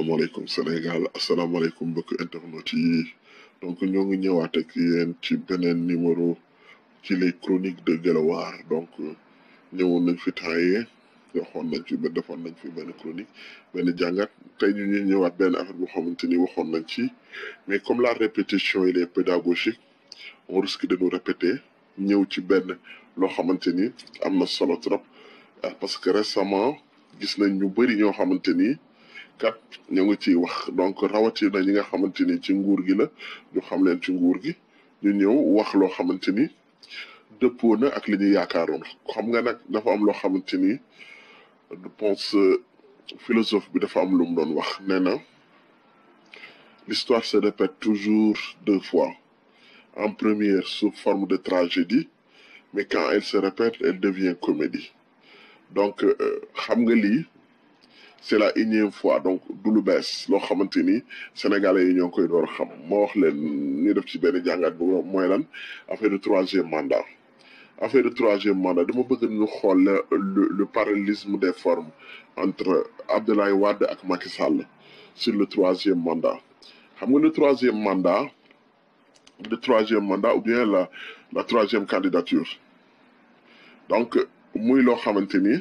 asalaamaaleykum Sénégal asalaamaaleykum mbokki internet yi donc ñoo ngi ñëwaat ak ci beneen numéro ci les chroniques de Guelwaar donc ñëwoon nañ fi taaye waxoon nañ fi ba nañ fi benn chronique benn jàngat tey ñu ñuy ñëwaat benn affaire boo xamante ni waxoon nañ ci mais comme la répétition yi est pédagogique on risque de nous répéter ñëw ci benn loo xamante ni am na solo trop ah, parce que récemment gis nañ ñu bëri ñoo xamante ni. kat ñu ngi ciy wax donc rawatina ñi nga xamante ni ci nguur gi la ñu xam leen ci nguur gi ñu ñëw wax loo xamante ni dëppoo na ak li ñu yaakaaroon xam nga nag dafa am loo xamante ni je pense philosophe bi dafa am lu mu wax nee na l'histoire se répète toujours deux fois en première sous forme de tragédie mais quand elle se répète elle devient comédie donc euh, xam nga lii c'est la énième fois donc du lu bees loo xamante ni sénégalais yi ñoo koy door xam ma wax leen ñu def ci benn jàngat bu mooy lan affaire de troisième mandat affaire de troisième mandat dama bëgg ñu xool le le parallélisme des formes entre Abdoulaye Wade ak Macky sur le troisième mandat xam nga le troisième mandat le troisième mandat ou bien la la troisième candidature donc muy loo xamante ni.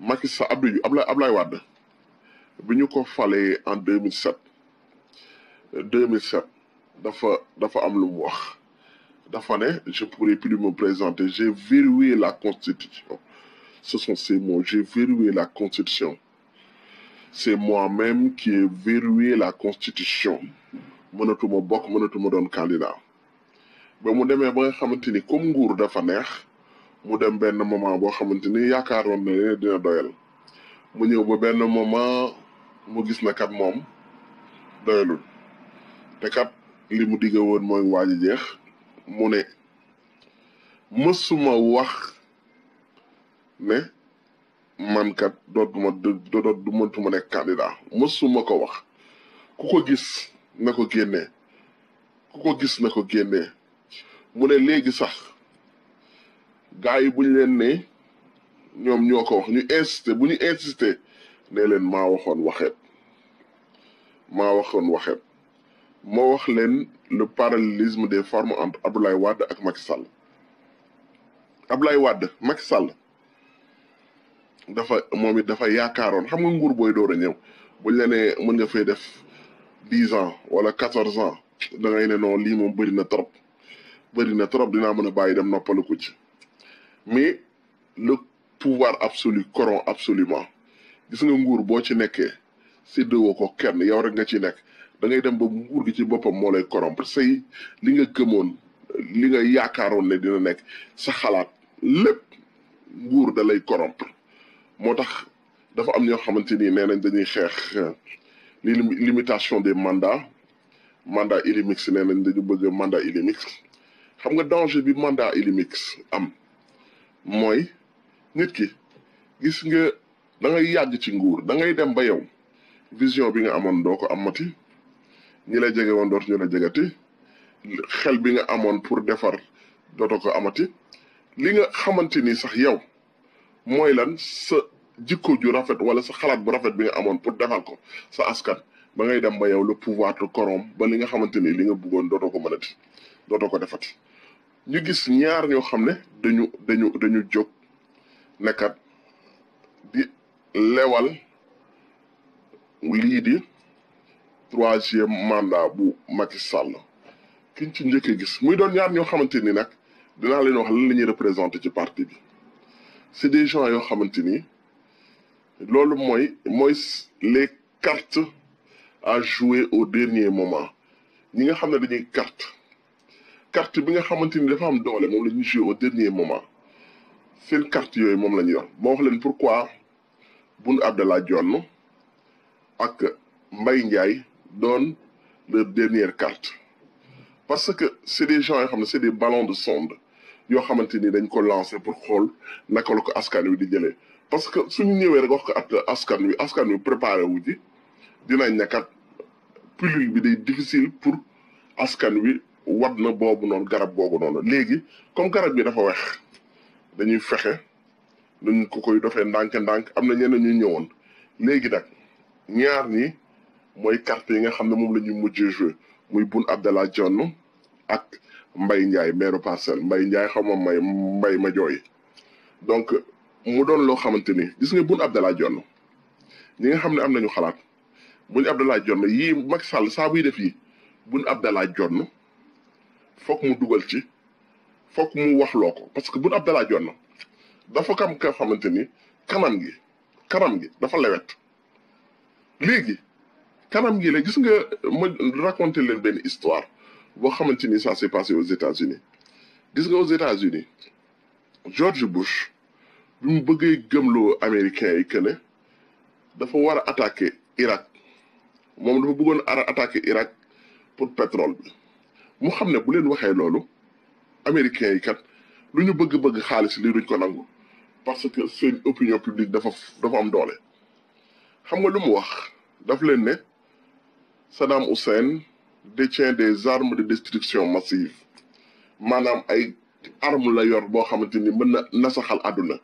Macky Sall Abdou Diouf Abdoulaye Abdoulaye Wade bi ñu ko falee en 2007 2007 dafa dafa am lu mu wax dafa ne je pourrais plus me présenter j'ai verrouillé la constitution ce sont ces mots j'ai verrouillé la constitution c'est moi-même qui ai verrouillé la constitution mënatuma bokk mënatuma doon candidat ba mu demee ba nga xamante ni comme nguur dafa neex mu dem benn moment boo xamante ni yaakaaroon na dina doyal mu ñëw ba benn moment mu gis na kat moom doyalul te kat li mu digge woon mooy waaji jeex mu ne mësuma wax ne mankat kat dootuma du mëntuma nekk candidat mësuma ko wax ku ko gis na ko génnee ku ko gis na ko génnee mu ne léegi sax gars yi bu leen ne ñoom ñoo ko wax ñu insisté bu ñu insisté ne leen ma waxoon waxet ma waxoon waxeet moo wax leen le parallélisme de formes entre Abdoulaye Wade ak mak Sall Abdoulaye Wade mak Sall dafa moom it dafa yaakaaroon xam nga nguur booy door a ñëw buñ la nee mën nga fay def dix ans wala quatorze ans da ngay ne non lii moom bëri na trop bëri na trop dinaa mën a bàyyi dem noppalu ko ci. mais le pouvoir absolu coron absolument gis nga nguur boo ci nekkee séddoo ko kenn yow rek nga ci nekk dangay ngay dem ba nguur gi ci boppam moo lay corrompre say li nga këmoon li nga yaakaaroon ne dina nekk sa xalaat lépp nguur da lay corrompre moo tax dafa am ñoo xamante ni nee nañ dañuy xeex li limitation des mandats mandat illimix nee nañ dañu bëgg mandat illimix xam nga danger bi mandat illimix am mooy nit ki gis nga dangay ngay yàgg ci nguur da ngay dem ba yow vision bi nga amoon doo ko amati ñi la jege woon dootuñu la jegati xel bi nga amoon pour defar dootoo ko amati li nga xamante ni sax yow mooy lan sa jikko ju rafet wala sa xalaat bu rafet bi nga amoon pour defal ko sa askan ba ngay dem ba yow le pouvoir te korom ba li nga xamante ni li nga bëggoon dootoo ko mënati dooto ko defati. ñu gis ñaar ñoo xam ne dañu dañu dañu jog nekkat di lewal lii di troisième mandat bu Macky Sall kiñ ci njëkkee gis muy doon ñaar ñoo xamante ni nag dinaa leen wax lan la ñuy représenté ci parti bi c'est des gens yoo xamante ni loolu mooy mooy les cartes à jouer au dernier moment ñi nga xam ne dañuy carte carte bi nga xamante ni dafa am doole moom la ñu joué au dernier moment seen carte yooyu moom la ñuy wax moo wax leen pourquoi Boun Abdallah Dionne ak Mbaye Ndiaye doon leur dernière carte parce que c' est des gens yoo xam ne c' est des ballons yoo xamante ni dañ ko lancé pour xool naka la ko askan wi di jële parce que suñu ñëwee rek wax ko at askan wi askan wi préparé wu ji dinañ nekkat bi day difficile pour askan wi wad na boobu noonu garab googu noonu léegi comme garab bi dafa weex dañuy fexe nuñ ko koy dofee ndànk-ndànk am na ñeneen ñu ñëwoon léegi nag ñaar ni mooy carte yi nga xam ne moom la ñuy mujjee joué muy Boun Abdallah Dionne ak mbay Ndiaye maire Parcelles Ndiaye xaw ma may Mbaye ma jooy donc mu doon loo xamante ni gis nga Boun Abdallah Dionne ñi nga xam ne am nañu xalaat Boun Abdallah Dionne yii Macky Sall saa buy def yi Boun Abdallah Dionne foog mu dugal ci foog mu wax loo parce que Boun Abdallah Dionne dafa kam ka xamante ni kanam gi kanam gi dafa lewet léegi kanam gi la gis nga ma raconter leen benn histoire boo xamante ni ça s'est passé aux États-Unis gis nga aux États-Unis George Bush bi mu bëggee gëmloo américains yi que ne dafa war a attaquer Irak moom dafa bëggoon a attaquer Irak pour pétrole bi mu xam ne bu leen waxee loolu américains yi kat lu ñu bëgg-bëgg xaalis li duñ ko nangu parce que seen opinion publique dafa dafa am doole xam nga lu mu wax daf leen ne Saddam Hussein détient des armes de destruction massive maanaam ay arme la yor boo xamante ni mën na nasaxal àdduna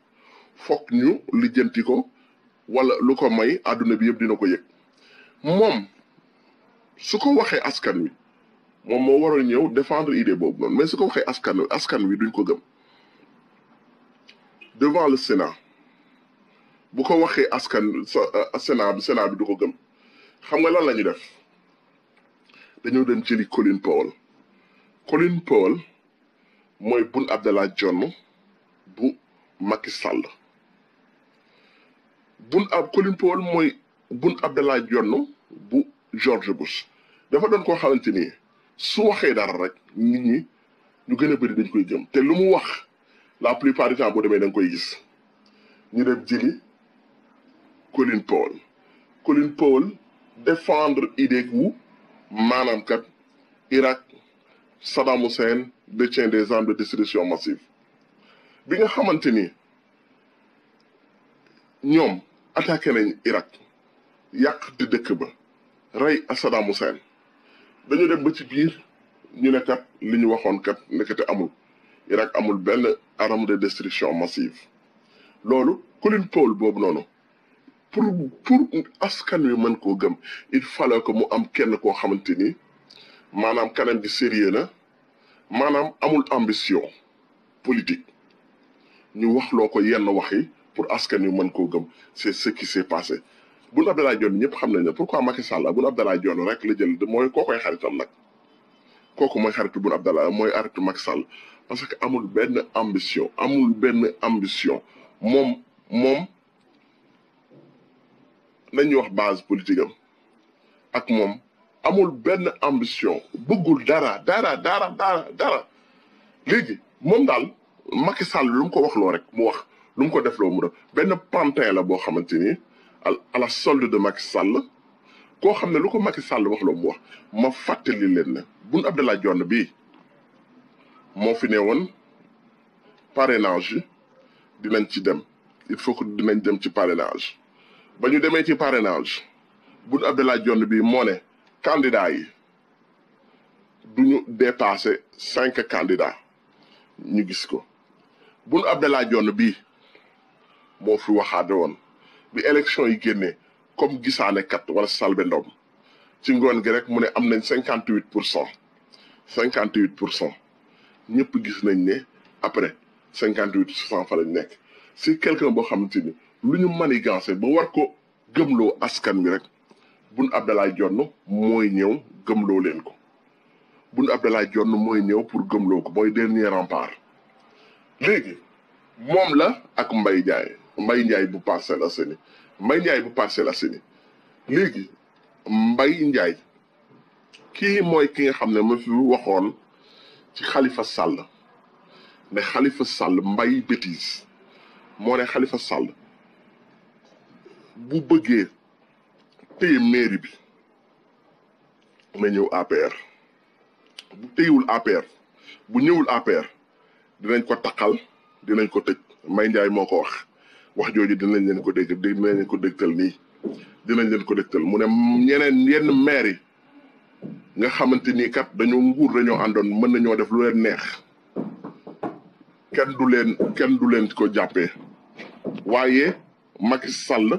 foog ñu lijjanti ko wala lu ko may àdduna bi yëpp dina ko yëg moom su ko waxee askan wi moom moo waroon ñëw défendre idée boobu noonu mais su ko waxee askan askan wi duñ ko gëm devant le Sénat bu ko waxee askan euh, Sénat bi du ko gëm xam nga lan la ñu def dañoo dem jëli Colin Powell Colin Powell mooy Boun Abdallah Dionne bu Macky Sall Boun ab Colin mooy Boun Abdallah Dionne bu George Bush dafa doon koo xamante ni. su waxee dara rek nit ñi ñu gën a bëri dañ koy jëm te lu mu wax la plupart du temps boo demee da nga koy gis ñu dem jëli Colin Powell Colin Powell défendre idée wu maanaam kat Irak Saddam Hussein détient des armes de destruction massive bi nga xamante ni ñoom attaqué nañ Irak yàq di dëkk ba rey Saddam Hussein dañu dem ba ci biir ñu ne kat li ñu waxoon kat nekkate amul Irak amul benn arme de destruction massive loolu Colin Powell boobu noonu pour pour askan wi mën koo gëm il fallait ko mu am kenn koo xamante ni maanaam kanam gi sérieux na maanaam amul ambition politique ñu wax loo ko yenn wax yi pour askan wi mën koo gëm c'est ce qui s'est passé Boun Abdallah Dionne ñëpp xam nañ ne pourquoi Macky Sall Boun Abdallah Dionne rek la jël mooy koo koy xaritam nag kooku mooy xaritu Boun Abdallah mooy xaritu Macky Sall parce que amul benn ambition amul benn ambition moom moom nañuy wax base politique am ak moom amul benn ambition bëggul dara dara dara dara dara léegi moom daal Macky Sall lu ko wax rek mu wax lu mu ko def loo mu benn pantin la boo xamante ni. à la solde de Macky sàll koo xam ne lu ko Macky Sall wax la wax ma fàttali leen ne Boun Abdallah Dionne bii moo fi ne woon parrainage dinañ ci dem il faut que dinañ dem ci parrainage ba ñu demee ci parenage Boun Abdallah Dionne bii moo ne candidat yi du ñu dépassé cinq candidats ñu gis ko Boun Abdallah Dionne bii moo fi waxaade woon bi élection yi génnee comme gisaanekat wala salbe ndoom ci ngoon gi rek mu ne am nañ cinquante huit pour cent cinquante huit pour cent ñëpp gis nañ ne après cinquante huit pour cent fa lañ nekk si quelqu'un boo xamante ni lu ñu manigancé ba war ko gëmloo askan wi rek Boun Abdallah jonn mooy ñëw gëmloo leen ko Boun Abdallah jonn mooy ñëw pour gëmloo ko mooy dernier rempart léegi moom la ak Mbaye Ndiaye mbay Ndiaye bu Parcelles Assainies Mbaye Ndiaye bu Parcelles Assainies léegi Mbaye Ndiaye kii mooy ki nga xam ne ma fi waxoon ci Khalifa Sall ne Khalifa Sall mbay bêtise moo ne Khalifa Sall bu bëggee téye mairie bi na ñëw APR bu téyewul APR bu ñëwul APR dinañ ko taqal dinañ ko tëj Mbaye Ndiaye moo ko wax wax jooju dinañ leen ko dégg dinañ leen ko dégtal nii dinañ leen ko dégtal mu ne ñeneen yenn maire yi nga xamante ni kat dañoo nguur dañoo àndoon mën nañoo def lu leen neex kenn du leen kenn du leen ko jàppee waaye Macky Sall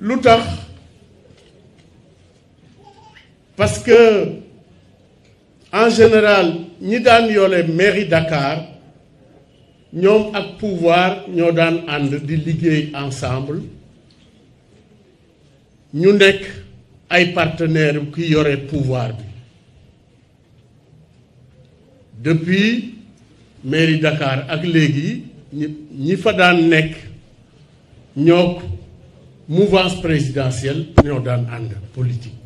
lu tax parce que en général ñi daan yoole mairie Dakar ñoom ak pouvoir ñoo daan ànd di liggéey ensemble ñu nekk ay partenaires yu ki yore pouvoir bi depuis mairie Dakar ak léegi ñi fa daan nekk ñoo mouvance présidentielle ñoo daan ànd politique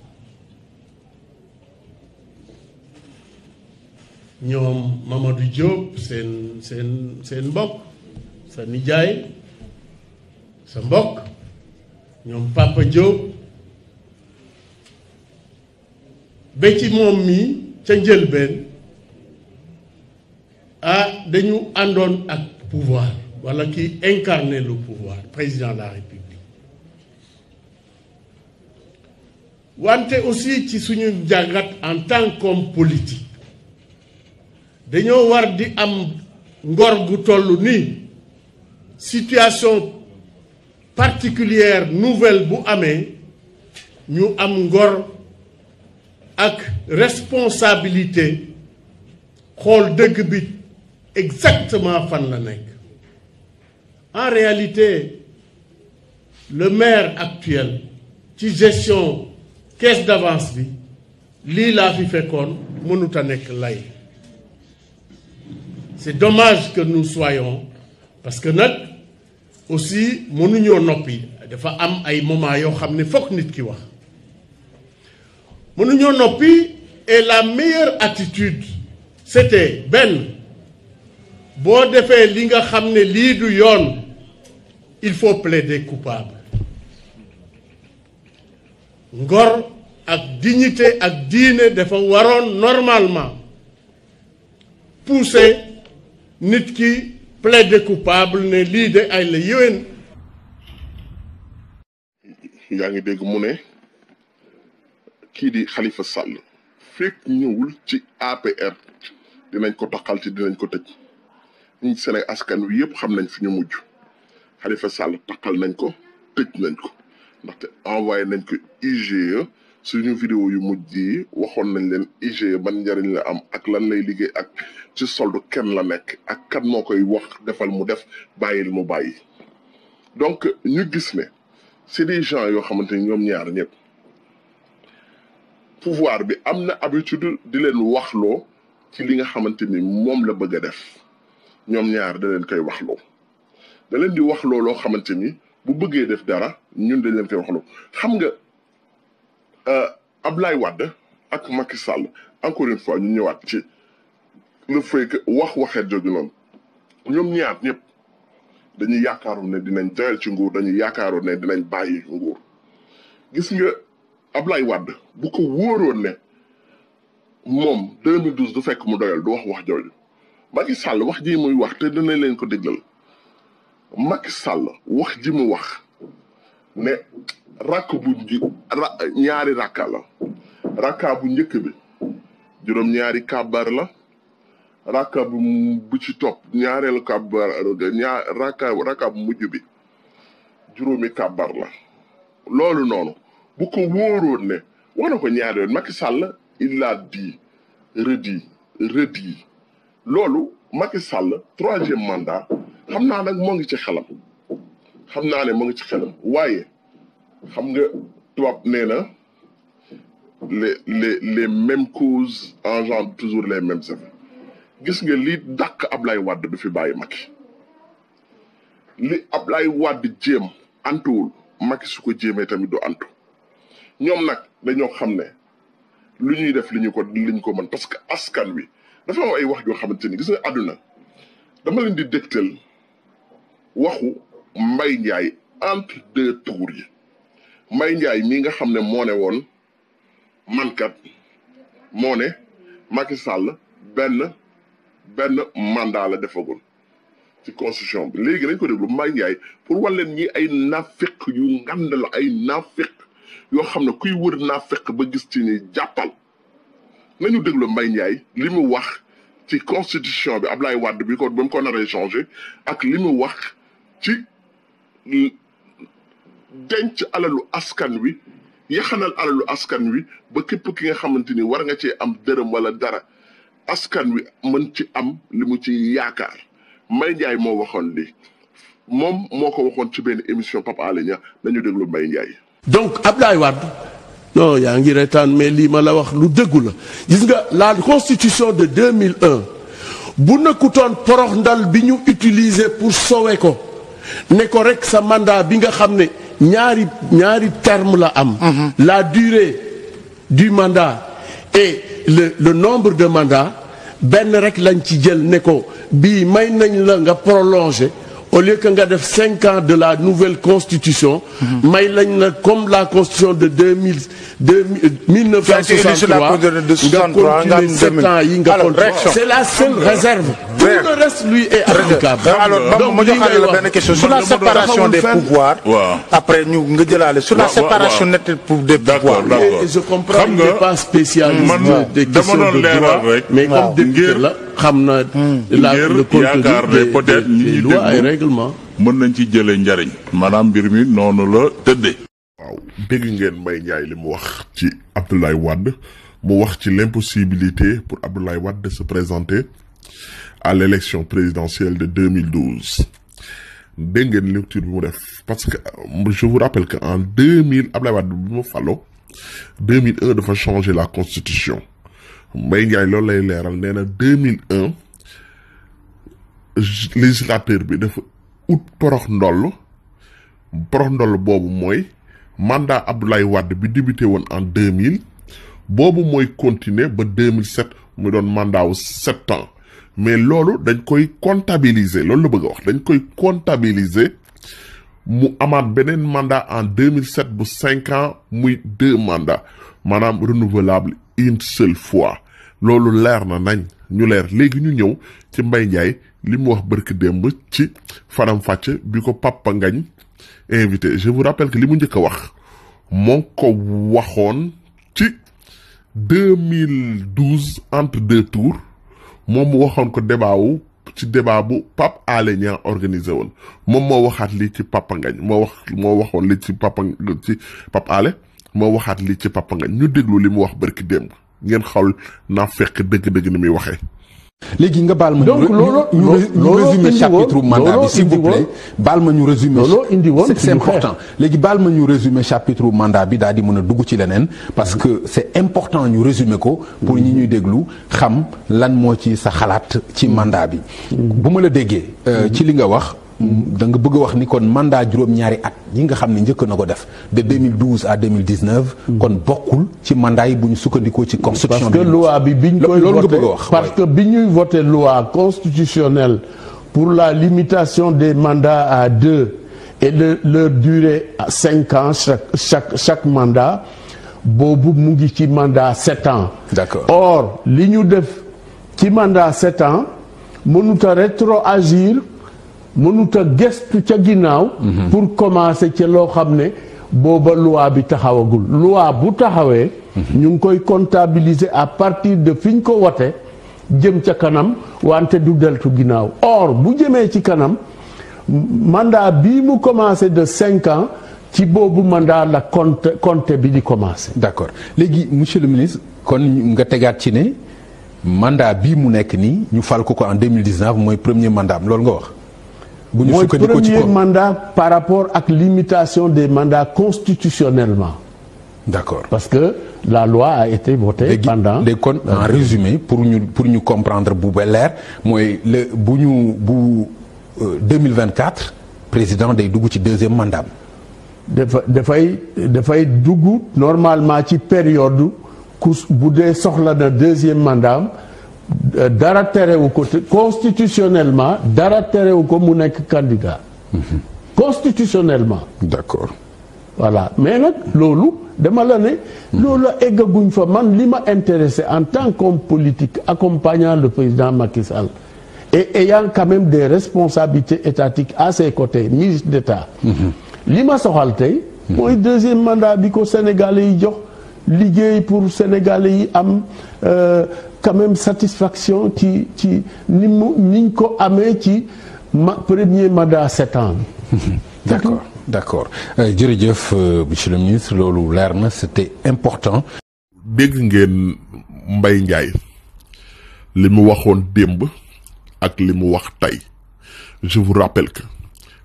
ñoom Mamadou Diop seen seen seen mbokk sa nijaay sa mbokk ñoom Papa Diop ba ci moom mii ca njëlbeen ah dañu àndoon ak pouvoir wala kii incarner lu pouvoir président de la République wante aussi ci suñu jàngat en tant qu'homme politique dañoo war di am ngor gu toll nii situation particulière nouvelle bu amee ñu am ngor ak responsabilité xool dëgg bi exactement fan la nekk en réalité le maire actuel ci gestion caisse d'avance bi lii laa fi fekkoon mënut a nekk lay c'est dommage que nu soyons parce que nag aussi mënuñoo noppi dafa am ay moment yoo xam ne fokk nit ki wax mënuñoo noppi et la meilleure attitude c'était benn boo defee li nga xam ne lii du yoon il faut plaider coupable ngor ak dignité ak diine dafa waroon normalement pousser nit ki plaide coupable ne lii de ay la yéwén. yaa ngi dégg mu ne kii di xalifa Sall fekk ñëwul ci APR dinañ ko taxal ci dinañ ko tëj ñun Sénégal askan wi yëpp xam nañ fi ñu mujj xalifa Sall taxal nañ ko tëj nañ ko ndaxte envoyé nañ ko IGE. suñu vidéo yu mujj yi waxoon nañ leen IGE ban njariñ la am ak lan lay liggéey ak ci soldu kenn la nekk ak kan moo koy wax defal mu def bàyyil mu bàyyi donc ñu gis ne c'est des gens yoo xamante ni ñoom ñaar ñëpp pouvoir bi am na habitude di leen waxloo ci li nga xamante ni moom la bëgg a def ñoom ñaar daleen leen koy waxloo da leen di waxloo loo xamante ni bu bëggee def dara ñun dañ leen koy waxloo xam nga. Euh, Ablaye Wade ak Macky Sall encore une fois ñu ñëwaat ci le fait que wax waxeet jooju noonu ñoom ñaar ñëpp dañuy yaakaaroon ne dinañ doyal ci nguur dañuy yaakaaroon ne dinañ bàyyi nguur gis nga Ablaye Wade bu ko wóoroon ne moom 2012 du fekk mu doyal du wax wax jooju Macky Sall wax ji muy wax te dinañ leen ko déggal Macky Sall wax ji mu wax. ne rakk bu ñaari rakka la rakka bu njëkk bi juróom ñaari kàbbar la rakka bu bu ci topp ñaareelu kàbbar ñaar rakka bu mujj bi juróomi kàbbar loolu noonu bu ko wóoroon ne ko ñaari yoon Macky Sall il a dit redit loolu maki Sall troisième mandat xam naa nag moo ngi ci xelam xam naa ne mu ngi ci xelam waaye xam nga tubaab nee na les les les mêmes causes engendrent toujours les mêmes effets gis nga li dàq Ablaye Wade du fi bàyyi Macky li Ablaye Wade jéem antuwul Macky su ko jéemee tamit du antu ñoom nag dañoo xam ne li ñuy def li ñu ko li ko mën parce que askan wi dafa am ay wax yoo xamante ni gis nga àdduna dama leen di dégtal waxu Mbaye Ndiaye entre deux tours yi Mbaye Ndiaye mii nga xam ne moo ne woon mankat moo ne Macky Sall benn benn mandat la defagul ci constitution bi léegi nañ ko déglu Mbaye Ndiaye pour wan leen ñi ay nafiq yu ngand ay nafiq yoo xam ne kuy wër nafiq ba gis ci ni jàppal nañu déglu Mbaye Ndiaye li mu wax ci constitution bi Ablaye Wade bi ko ba mu ko naree changé ak li mu wax ci denc alalu askan wi yaxanal alalu askan wi ba képp ki nga xamante ni war nga cee am dërëm wala dara askan wi mën ci am li mu ci yaakaar Mbaye Ndiaye moo waxoon lii moom moo ko waxoon ci benn émission Pape Alé Niang nañu déglu mbay Ndiaye. donc Abdoulaye Wade non yaa ngi retaan mais lii ma la wax lu dëggu la gis nga la constitution de 2001 bu nekkutoon porox ndal bi ñu utiliser pour soowe ko. ne ko rek sa mandat bi nga xam ne ñaari ñaari terme la am. Mhm. la durée du mandat et le le nombre de mandats benn rek lañ ci jël ne ko bii may nañ la nga prolonger au lieu que nga def cinq ans de la nouvelle constitution. Mhm. may lañ la comme la constitution de deux mille deux mille euh, neuf cent soixante-trois nga continuer sept ans yi nga. alors c'est la seule euh, réserve. tout le reste lui est applicable. alors donc ma joxaale sur la séparation des pouvoirs. waaw après ñu nga jëlaale. sur la séparation nette pour des pouvoirs. je comprends il n'est pas spécialiste. des questions de droit mais la xam na. la le contenu des des lois et règlements. mën nañ ci jëlee njariñ. maanaam mbir mi noonu la tëddee. waaw dégg ngeen Mbaye Ndiaye li mu wax ci Abdoulaye Wade mu wax ci l'impossibilité pour Abdoulaye Wade de se présenter. à l'élection présidentielle de 2012 dégg ngeen lecture bi mu def parce que euh, je vous rappelle en 2000 Ablaye Wade bi mu falo dafa changer la constitution mbay Ndiaye loolu lay leeral nee na 2001 législateur bi dafa ut porox ndoll porox ndoll boobu mooy mandat Abdoulaye Wade bi débuté woon en 2000 boobu mooy continuer ba 2007 mu doon mandat wu sept ans mais loolu dañ koy comptabiliser loolu la bëgg wax dañ koy comptabiliser mu amaat beneen mandat en 2007 bu cinq ans muy deux mandats maanaam renouvelable une seule fois loolu leer na nañ ñu leer léegi ñu ñëw ci Mbaye Ndiaye li mu wax bërki démb ci faram fàcc bi ko Papa ngañ invité je vous rappelle que li mu njëkk a wax moo ko waxoon ci 2012 entre deux tours moom mu waxoon ko débat wu ci débat bu Pape Alé Niang organisé woon moom moo waxaat lii ci Papa Ngagne moo wax moo waxoon li ci Papa ci papp Alé moo waxaat lii ci Papa Ngagne ñu déglu li mu wax barki démb ngeen xool naa fekk dëgg-dëgg ni muy waxee. léegi nga baal ma donc loolu ñu résumer chapitre mandat bi s'il baal ma ñu résumer indi woon c'est important léegi baal ma ñu résumer chapitre mandat bi daal di mën a dugg ci leneen parce que c'est important ñu résumer ko pour ñi ñuy déglu xam lan moo ci sa xalaat ci mandat bi mm-hmm. bu ma la déggee euh, ci li nga wax da nga bëgg wax ni kon mandat juróom-ñaari at ñi nga xam ne njëkk na ko def de 2012 à 2019. kon bokkul ci mandat yi bu ñu sukkandikoo ci. constitution bi parce que loi bi biñ koy loolu a wax parce que bi ñuy voté loi constitutionnelle pour la limitation des mandats à deux et de leur durée à cinq ans chaque chaque chaque mandat boobu mu ngi ci mandat sept an d'accord or li ñu def ci mandat sept ans mënut a rétroagir. mënut a gestu ca ginnaaw. Mhm. pour commencer ca loo xam ne booba loi bi taxawagul loi bu taxawee. Mhm. ñu ngi koy comptabiliser à partir de fiñ ko wote jëm ca kanam wante du deltu ginnaaw or bu jëmee ci kanam mandat bii mu commencé de cinq ci boobu mandat la compte compte bi di commencé. d'accord léegi monsieur le ministre kon nga tegaat ci ne mandat bii mu nekk nii ñu fal ko ko en deux mille dix-neuf mooy premier mandat loolu nga wax. bu ñu sukkandiku ci mooy mandat par rapport ak limitation des mandats constitutionnellement. d'accord parce que la loi a été votée. Léegi, pendant léegi kon en euh, résumé pour ñu pour ñu comprendre bu ba leer mooy le bu ñu bu 2024 euh, président day dugg ci deuxième mandat. dafa dafay dafay dugg normalement ci période ku bu dee soxla na deuxième mandat dara terewu ko constitutionnellement dara terewu ko mu nekk candidat constitutionnellement d'accord voilà mais nag loolu demal la ne loolu eggaguñ fa man li ma intéressé en tant qu'homme politique accompagnant président Macky Sall et ayant de responsabilité étatique à ses côté ministre d'État mm-hmm. li ma soxal tey mooy mm-hmm. deuxième mandat bi ko Sénégalais yi jox liggéey pour sénégal yi am euh, quand même satisfaction ci ci ni mu niñ ko amee ci ma premier mandat sept ans bi euh, jërëjëf euh, monsieur le ministre loolu leer na c'était important dégg ngeen mbay Ndiaye li mu waxoon démb ak li mu wax tey je vous rappelle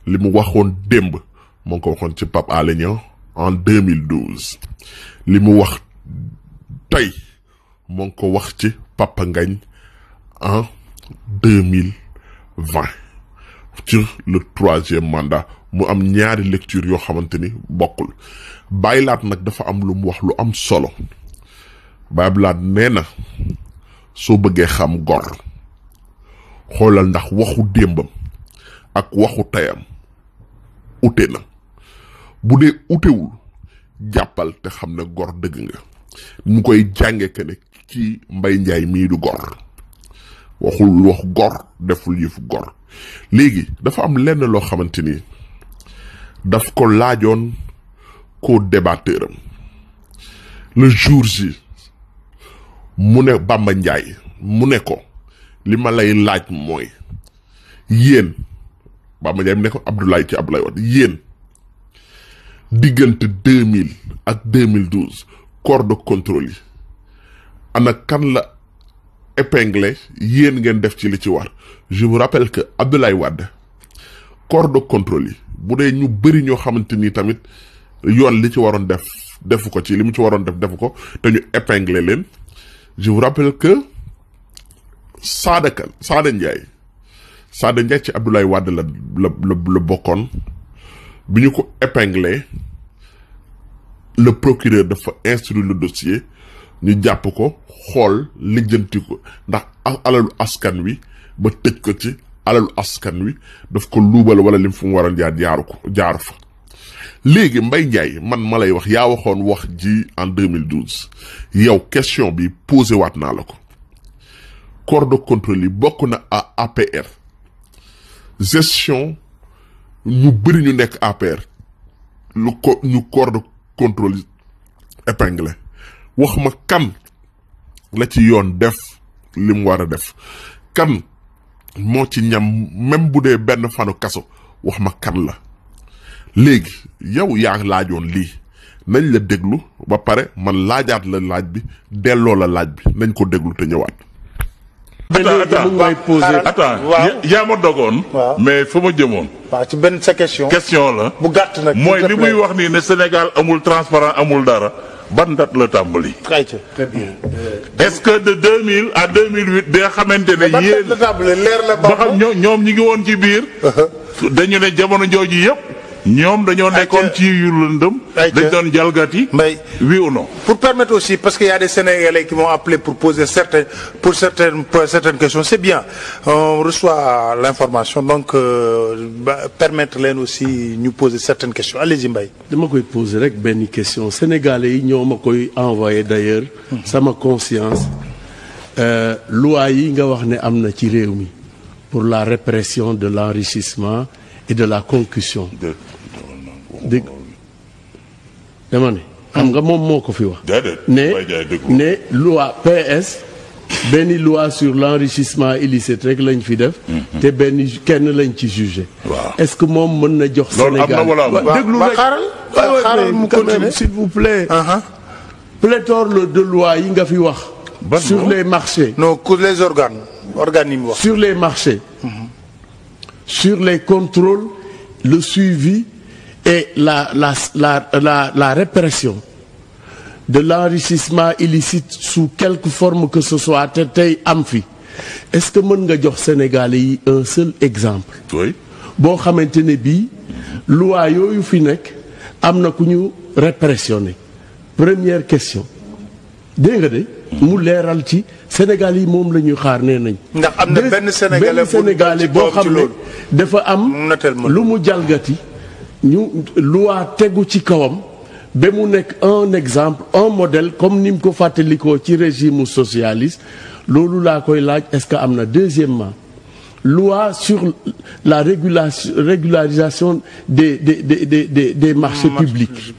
li mu waxoon démb moo ngi ko waxoon ci Pape Alé Niang en 2012 li mu wax tey moo ko wax ci Papa ngañ en deux le troisième mandat mu am ñaari lecture yoo xamante ni bokkul bàyyilaat nag dafa am lu mu wax lu am solo bàyyilaat nee na soo bëggee xam gor xoolal ndax waxu démbam ak waxu tayam ute na bu dee utewul jàppal te xam ne gor dëgg nga ñu koy jànge que ne ci mbay njaay mii du gor waxul wax gor deful yëfu gor léegi dafa am lenn loo xamante ni daf ko laajoon ko débatteur le jour ji mu ne Bamba njaay mu ne ko li ma lay laaj mooy yéen Bamba Ndiaye mu ne ko Abdoulaye ci Abdoulaye Wade yéen diggante 2000 ak 2012 corps de contrôle yi am ana kan la épinglé yéen ngeen def ci li ci war je vous rappelle que Abdoulaye corps de contrôle yi bu dee ñu bëri ñoo xamante ni tamit yoon li ci waroon def defu ko ci li mu ci waroon def defu ko te ñu épinglé leen je vous rappelle que Sada Kan Sada Ndiaye Sada Ndiaye ci Abdoulaye Wade la la la bokkoon bi ñu ko épinglé le procureur dafa instruire le dossier ñu jàpp ko xool lijjanti ko ndax alalu askan wi ba tëj ko ci alalu askan wi daf ko luubal wala lim fu mu war a jaar jaaru ko jaaru fa léegi Mbaye Ndiaye man ma lay wax yaa waxoon wax ji en 2012 yow question bi posé waat naa la ko corps de contrôle yi bokk na à APR gestion ñu bëri ñu nekk APR lu ko ñu corps de contrôle épinglé wax ma kan la ci yoon def li mu war a def kan moo ci ñam même bu dee benn fanu kaso wax ma kan la léegi yow yaa laajoon lii nañ la déglu ba pare man laajaat la laaj bi delloo la laaj bi nañ ko déglu te ñëwaat. attends ah, yaa ma dogoon. mais fa ma jëmoon. waaw ci benn sa question. question la bu gàtt nag mooy li muy wax nii ne Sénégal amul transparent amul dara. ban date la tàmbali. très bien. Euh, est-ce que de 2000 à 2008 day xamante ne yéen. ban date la leer la ba xam ñoom ñi ngi woon ci biir. Uh-huh. dañu ne jamono jooju yëpp. ñoom dañoo nekkoon ci yu lëndëm dañ doon jalgati mbay oui ou non pour permettre aussi parce que y a des Sénégalais qui m'ont appelé pour poser certaines pour certaines pour certaines questions c'est bien on reçoit l'information donc euh, permettre leen aussi ñu poser certaines questions allez-y mbay dama koy poser rek benn question Sénégalais yi ñoo ma koy envoyé d'ailleurs mhm. sama conscience euh, loi yi nga wax ne am na ci réew mi pour la répression de l'enrichissement et de la concussion. dégg dama ne. xam nga moom moo ko fi wax. ne ne loi PS. benn loi sur l'enrichissement illicite rek lañu fi def. Mhm. te benn kenn lañ ci jugé. waaw est-ce que moom mën na jox. Sénégal déglu rek xaaral mu continuer s'il vous plaît. Uh-huh. pléthore de loi yi nga fi wax. sur les marchés. non les organes organes yi mu wax. sur les marchés. Mhm. sur les contrôles, le suivi et la, la, la, la, la répression de l'enrichissement illicite sous quelque forme que ce soit te tey am fi est-ce que mën nga jox sénégale yi un seul exemple oui boo xamante ne bii loi yooyu fi nekk am na ku ñu répressionné première question dégg nga de mu leeral ci Sénégal yi moom la ñuy xaar nee nañ. ndax am na benn Sénégalais boo xam ne dafa am lu mu jalgati ñu luwaa tegu ci kawam ba mu nekk un exemple un modèle comme ni mu ko fàttalikoo ci régime socialiste loolu laa koy laaj est-ce que am na deuxièmement loi sur la régulation régularisation des de de de des, des marchés publics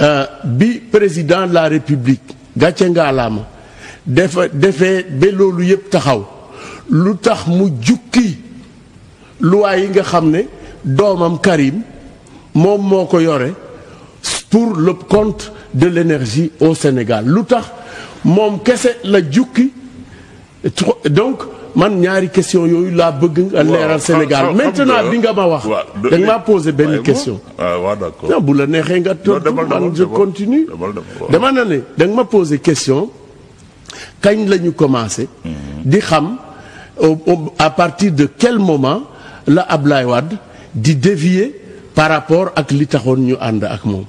euh, bi président la République gàcce ngaalaama dafa defee ba loolu yëpp taxaw lu tax mu jukki lu yi nga xam ne doomam Karim moom moo ko yore pour le compte de l'énergie au Sénégal lu tax moom kese la jukki donc man ñaari question yooyu laa bëgg nga leeral Sénégal maintenant bi nga ma wax da nga posé benn question non bu la neexee nga tontu man je continue dama na ne da ma posé question kañ lañu ñu commencé. di xam à partir de quel moment la Ablaye Wade di dévier par rapport ak li taxoon ñu ànd ak moom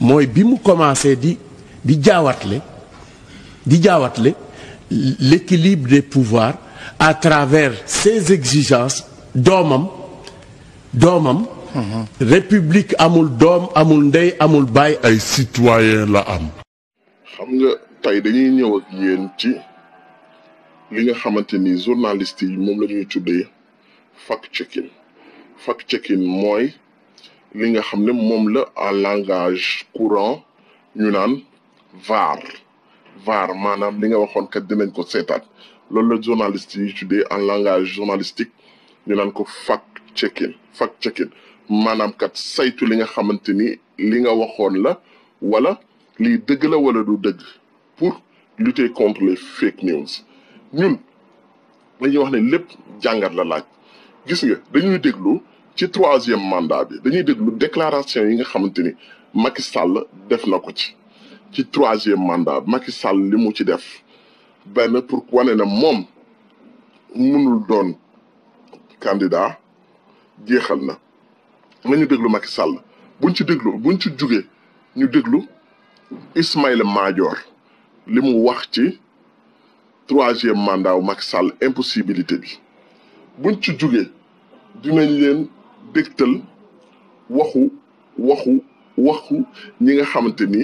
mooy bi mu commencé di di jaawatle di jaawatle l'équilibre des pouvoirs à travers ses exigences doomam doomam. Mmh. république amul doom amul ndey amul baay ay citoyen la am tey dañuy ñëw ak ci li nga xamante ni journaliste yi moom la ñuy tuddee fact checking fact checking mooy li nga xam ne moom la en langage courant ñu naan vaar vaar maanaam li nga waxoon kat dinañ ko seetaat loolu la journaliste yi tuddee en langage journalistique ñu naan ko fact checking fact checking maanaam kat saytu li nga xamante ni li nga waxoon la wala lii dëgg la wala du dëgg pour lutter contre les fake news ñun dañuy wax ne lépp jàngat la laaj gis nga dañuy déglu ci troisième mandat bi dañuy déglu déclaration yi nga xamante ni Macky Sall def na ko ci ci troisième mandat Macky Sall li mu ci def benn pour wane ne moom mënul doon candidat jeexal na nañu déglu Macky Sall buñ ci déglu buñ ci jugee ñu déglu Ismaïla Madior li mu wax ci troisième mandat wu Macky impossibilité bi buñ ci jugee dinañ leen dégtal waxu waxu waxu ñi nga xamante ni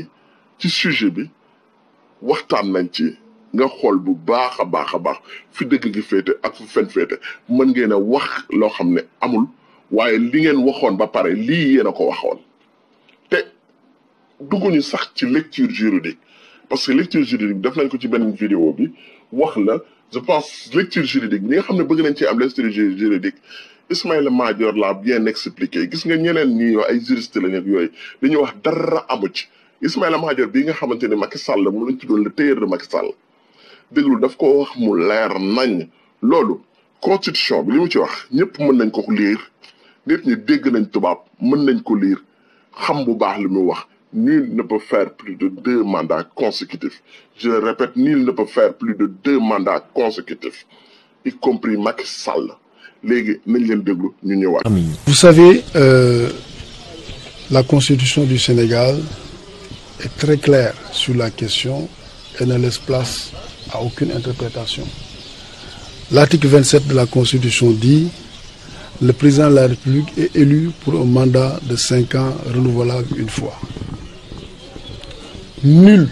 ci sujet bi waxtaan nañ ci nga xool bu baax a baax a baax fi dëgg gi féete ak fu fen féete mën ngeen a wax loo xam ne amul waaye li ngeen waxoon ba pare lii yéen a ko waxoon te dugguñu sax ci lecture juridique parce que lecture juridique def nañ ko ci benn vidéo bi wax la je pense lecture juridique ñi nga xam ne bëgg nañ ci am lecture juridique Ismaïla Madior l'a bien expliqué gis nga ñeneen ñi ay juriste lañ ak yooyu dañuy wax dara amu ci Ismaïla Madior bii nga xamante ne Macky Sall la mu lañ tuddoon le tailleur de Macky Sall déglu daf ko wax mu leer nañ loolu constitution bi li mu ci wax ñëpp mën nañ ko liir nit ñi dégg nañ tubaab mën nañ ko liir xam bu baax li mu wax nul ne peut faire plus de deux de deux mandats consécutifs, y compris Macky Sall. léegi nañ leen ñu ñëwaat. Vous savez, euh, la constitution du Sénégal est très claire sur la question et ne laisse place à aucune interprétation. L'article 27 la Constitution dit le président la République est pour un mandat de cinq ans renouvelable une fois. nul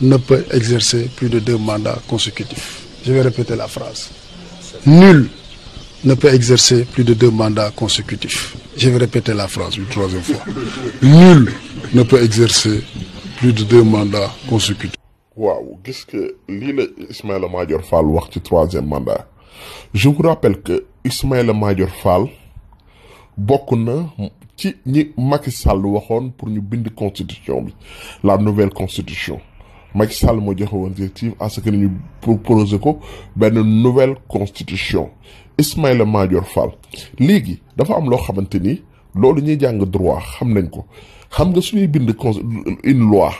ne peut exercer plus de deux mandats consécutifs. Je vais répéter la phrase. de deux mandats consécutifs. Je la phrase une troisième fois. Nul ne exercer plus de deux mandats consécutifs. waaw gis que lii la Ismaïla Madior Fall wax ci troisième mandat je vous rappelle que Ismaïla Madior Fall bokk na ci ñi Macky Sall waxoon pour ñu bind constitution bi la nouvelle constitution Macky Sall moo joxe woon directive à ce que ñu proposé ko benn nouvelle constitution Ismaïla Madior Fall léegi dafa am loo xamante ni loolu ñuy jàng droit xam nañ ko xam nga suñuy bind une loi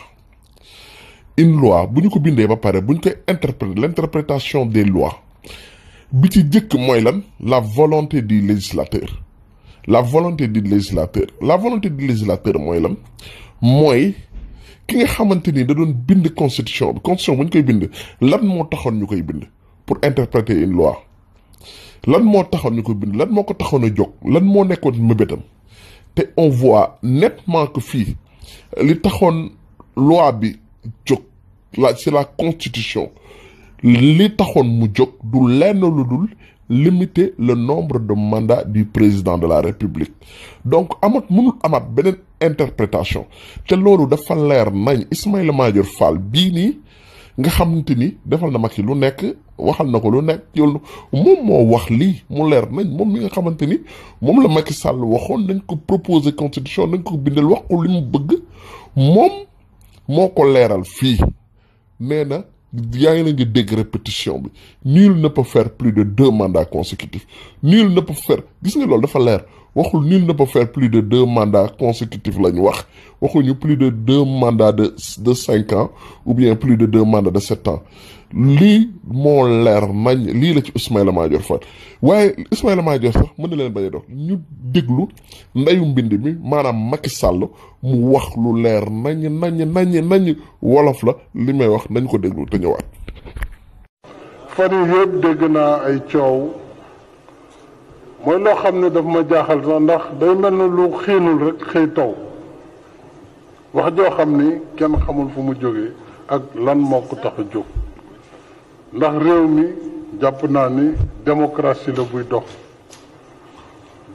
une loi bu ñu ko bindee ba pare bu ñu koy interpréter l'interprétation des lois bi ci jëkk mooy lan la volonté du législateur la volonté du législateur la volonté du législateur mooy lan mooy ki nga xamante ni da doon bind constitution bi constitution bu koy bind lan moo taxoon ñu koy bind pour interpréter une loi lan moo taxoon ñu ko bind lan moo ko taxoon a jóg lan moo nekkoon mébétam te on voit nettement que fii li taxoon loi bi jóg la c'est la constitution li taxoon mu jóg du lenn lu dul limite le nombre de mandats di président de la république donc amat mënul amaat beneen interprétation te loolu dafa leer nañ Ismaïla Madior Fall bii nii nga xamante ni defal na mag Macky lu nekk waxal na ko lu nekk yow moom moo wax lii mu leer nañ moom li nga xamante ni moom la Macky Sall waxoon nañ ko proposer constitution nañ ko bindal wax ko li mu bëgg moom moo ko leeral fii nee na. yaa ngi leen di dégg répétition bi nul ne peut fair plus de deux mandats consécutifs nul ne peut faire gis nga loolu dafa leer waxul nul ne peut faire plus de deux mandats consécutifs la ñu wax waxuñu plus de deux mandats de de cinq ans ou bien plus de deux mandats de sept ans lii moo leer nañ lii la ci Ismaïla Madior Fall waaye Ismaïla Madior sax mën na leen bañ a dox ñu déglu ndeyu mbind mi maanaam Macky Sall mu wax lu leer nañ nañ nañ nañ wolof la li may wax nañ ko déglu te ñëwaat. fan yii dégg naa ay coow mooy loo xam ne daf ma jaaxal sax ndax day mel ne lu xiinul rek xëy taw wax joo xam ni kenn xamul fu mu jógee ak lan moo ko tax jóg. ndax réew mi jàpp naa ni démocratie la buy dox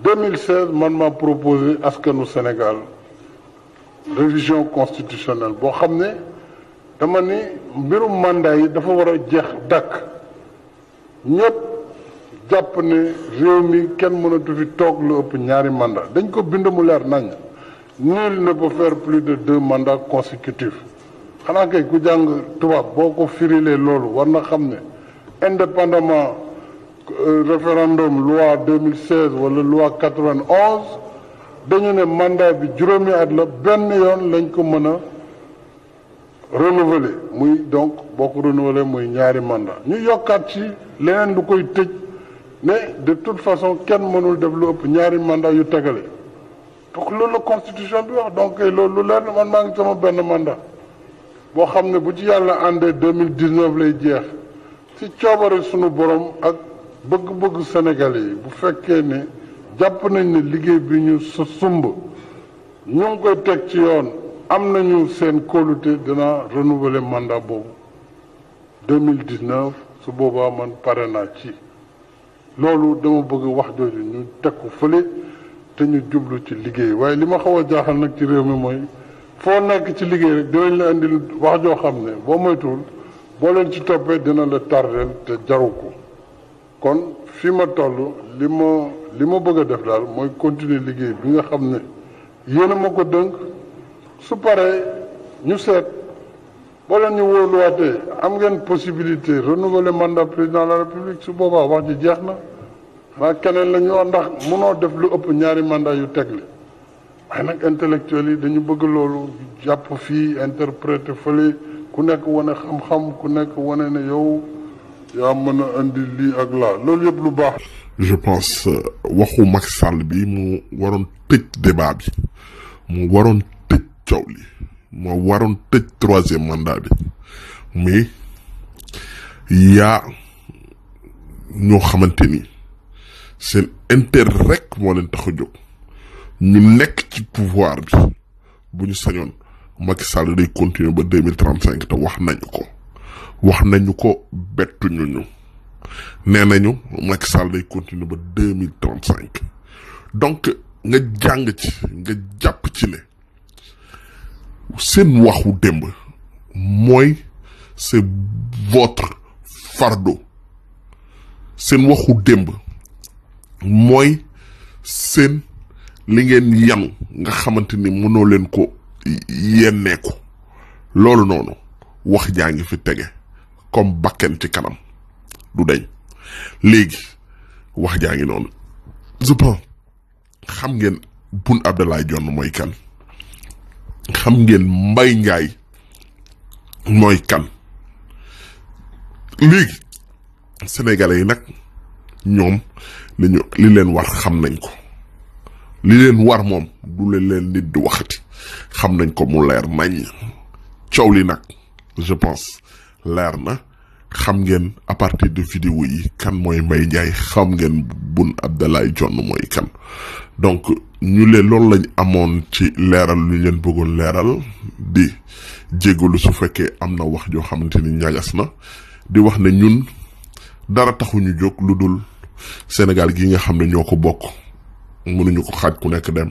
2016 man maa proposé askanu Sénégal révision constitutionnelle boo xam ne dama ni mbirum mandat yi dafa war a jeex dàkk ñëpp jàpp ne réew mi kenn mënatu fi toog lu ëpp ñaari mandat dañ ko bind mu leer nañ nul ne peut faire plus de deux mandats xanaa kay ku jàng tubaab boo ko firilee loolu war na xam ne indépendamment euh, référendum mille 2016 wala loi 91 dañu ne mandat bi juróomi at la benn yoon lañ ko mën a renouveler muy donc boo ko renouveler muy ñaari mandat ñu yokkaat ci leneen lu koy tëj mais de toute façon kenn mënul def lu ëpp ñaari mandat yu tegale donc loolu la constitution bi wax donc loolu lu leer na man maa ngi sama benn mandat boo xam ne bu ci yàlla àndee deux mille dix neuf lay jeex ci coobare sunu borom ak bëgg-bëgg senegal yi bu fekkee ne jàpp nañ ne liggéey bi ñu sa sumb ñu ngi koy teg ci yoon am nañu seen kóolute dina renouveler mandat boobu deux mille dix su boobaa man pare naa ci loolu dama bëgg wax jooju ñu teg ko fële te ñu jublu ci liggéey waaye li ma xaw a jaaxal nag ci réew mi mooy. foo nekk ci liggéey rek dinañ la indil wax joo xam ne boo moytuwul boo leen ci toppee dina la tardeel te jaru ko kon fi ma toll li ma li ma bëgg a def daal mooy continuer liggéey bi nga xam ne yéen a ma ko dënk su paree ñu seet boo leen ñu wóoluwaatee am ngeen possibilité renouveler mandat président de la république su boobaa wax ji jeex na maa keneen lañu ñu wax ndax mënoo def lu ëpp ñaari mandat yu tegle waaye nag intellectuel yi dañu bëgg loolu jàpp fii interprété fële ku nekk wane xam-xam ku nekk wane na yow yaa mën a indi lii ak laa loolu yëpp lu baax. je pense euh, waxu Macky Sall bi mu waroon tëj débat bi mu waroon tëj coow troisième mandat bi mais yaa ñoo xamante ni seen inter rek moo leen tax jóg. ñu nekk ci pouvoir bi bu ñu sañoon Macky Sall day continuer ba deux mille trente te wax nañu ko wax nañu ko bettuñu ñu nee nañu Macky Sall continuer ba deux mille trente donc nga jàng ci nga jàpp ci ne seen waxu démb mooy c'est votre fardeau seen waxu démb mooy seen. li ngeen yanu nga xamante ni mënoo leen ko yennee ko loolu noonu wax jaa ngi fi tege comme bakken ci kanam du dañ léegi wax jaa ngi noonu je xam ngeen Boun Abdallah Dionne mooy kan xam ngeen mbay njaay mooy kan léegi sénégalais yi nag ñoom li leen war xam nañ ko li leen war moom du leen leen nit di waxati xam nañ ko mu leer nañ coow li nag je pense leer na xam ngeen à partir de vidéo yi kan mooy Mbaye Ndiaye xam ngeen Boun Abdallah Dionne mooy kan donc ñu leen loolu lañ amoon ci leeral lu leen bëggoon leeral di lu su fekkee am na wax joo xamante ni ñagas na di wax ne ñun dara taxu ñu jóg lu dul Sénégal gi nga xam ne ñoo ko bokk mënuñu ko xaaj ku nekk dem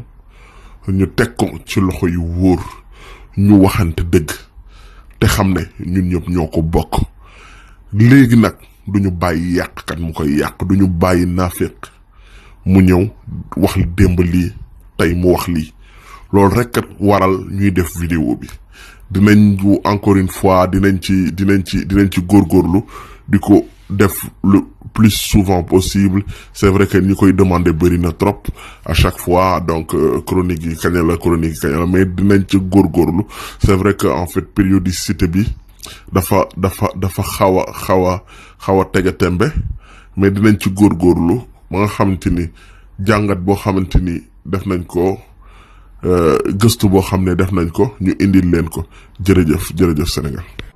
ñu teg ko ci loxo yu wóor ñu waxante dëgg te xam ne ñun ñëpp ñoo ko bokk léegi nag duñu bàyyi yàqkat mu koy yàq duñu bàyyi naaféq mu ñëw wax démb lii tey mu wax lii loolu rek kat waral ñuy def vidéo bi dinañ encore une fois dinañ ci dinañ ci dinañ ci góorgóorlu di ko def le plus souvent possible c'est vrai que ñi koy demandé bëri na trop à chaque fois donc euh, chronique yi kañ la chronique yi kañ la mais dinañ ci góor góorgóorlu c'est vrai que en fait périodicité bi dafa dafa dafa xaw a xaw a xaw a tege tembe mais dinañ ci góorgóorlu ba nga xamante ni jàngat boo xamante ni def nañ ko euh, gëstu boo xam ne def nañ ko ñu indi leen ko jërëjëf jërëjëf Sénégal